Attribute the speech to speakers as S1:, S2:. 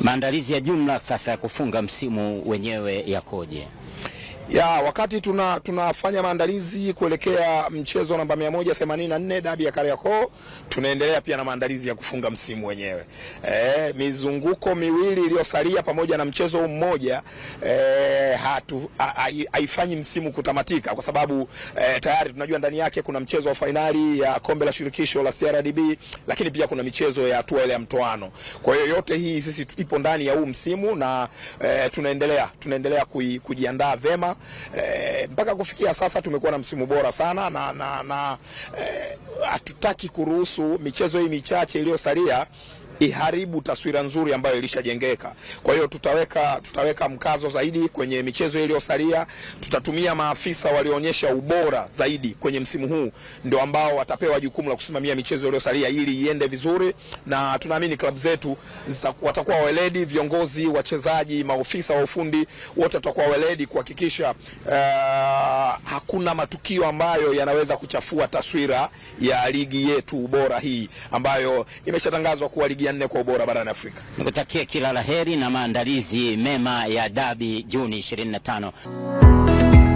S1: Maandalizi ya jumla sasa ya kufunga msimu wenyewe yakoje?
S2: Ya, wakati tuna tunafanya maandalizi kuelekea mchezo namba 184 dabi ya Kariakoo, tunaendelea pia na maandalizi ya kufunga msimu wenyewe. E, mizunguko miwili iliyosalia pamoja na mchezo mmoja e, hatu haifanyi msimu kutamatika kwa sababu e, tayari tunajua ndani yake kuna mchezo wa fainali ya kombe la shirikisho la CRDB, lakini pia kuna michezo ya hatua ile ya mtoano. Kwa hiyo yote hii sisi ipo ndani ya huu msimu na e, tunaendelea tunaendelea kujiandaa vema mpaka eh, mpaka kufikia sasa tumekuwa na msimu bora sana na, na, na eh, hatutaki e, kuruhusu michezo hii michache iliyosalia iharibu taswira nzuri ambayo ilishajengeka. Kwa hiyo tutaweka, tutaweka mkazo zaidi kwenye michezo iliyosalia. Tutatumia maafisa walioonyesha ubora zaidi kwenye msimu huu, ndio ambao watapewa jukumu la kusimamia michezo iliyosalia ili iende vizuri, na tunaamini klabu zetu watakuwa weledi, viongozi, wachezaji, maofisa wa ufundi wote watakuwa weledi kuhakikisha uh, hakuna matukio ambayo yanaweza kuchafua taswira ya ligi yetu bora hii ambayo imeshatangazwa kuwa ligi ya nne kwa ubora barani Afrika.
S1: Nikutakia kila la heri na maandalizi mema ya dabi Juni 25.